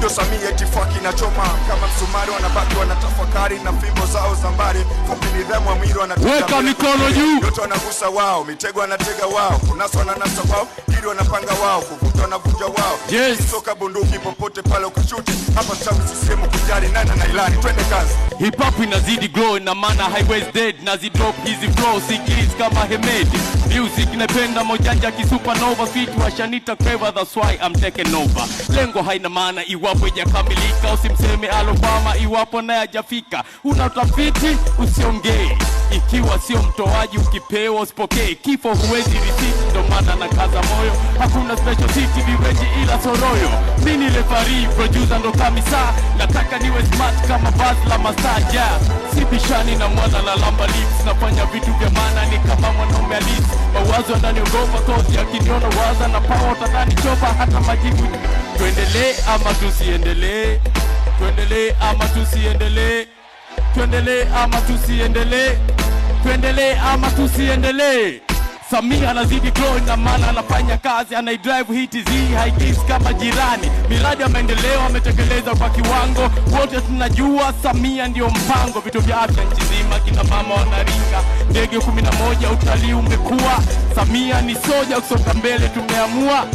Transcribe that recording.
ndio Samia eti faki na choma kama msumari, wanabaki wanatafakari na fimbo zao za mbali fupi, dhamu amiri wanataka weka mikono juu, yote wanagusa wao, mitego anatega wao, kunasa wananasa wao, dili wanapanga wao, kuvuta wanavuja wao, yes. Soka bunduki popote pale ukashute, hapa tamu sisemu kujali nani na ilani, twende kazi. Hip hop inazidi glow na maana highways dead, nazidrop hizi flow, sikiliza kama hemedi Music napenda mojanja kisupernova fit washanita clever that's why I'm taking over. Lengo haina maana iwapo ijakamilika, usimseme Alobama iwapo naye hajafika. Una utafiti usiongee, ikiwa sio mtoaji, ukipewa usipokee. Kifo huwezi risiti, ndo maana na kaza moyo. Hakuna special city viweji ila soroyo. Mimi refari producer ndo kamisa, nataka niwe smart kama buzz la masaja. sipishani na mwana la lamba lips, nafanya vitu vya maana ni kama mwanaume alisi mawazo yananiongopa kozi akiniona waza na pawa utadhani chopa hata majibu tuendelee ama tusiendelee tuendelee ama tusiendelee tuendelee ama tusiendelee tuendelee ama tusiendelee Samia anazidi growing na maana anafanya kazi, hit hii high haigis kama jirani. Miradi ya maendeleo ametekeleza kwa kiwango, wote tunajua Samia ndiyo mpango. vitu vya afya nchi nzima, kina mama wanaringa, ndege 11 utalii umekuwa. Samia ni soja kusonga mbele, tumeamua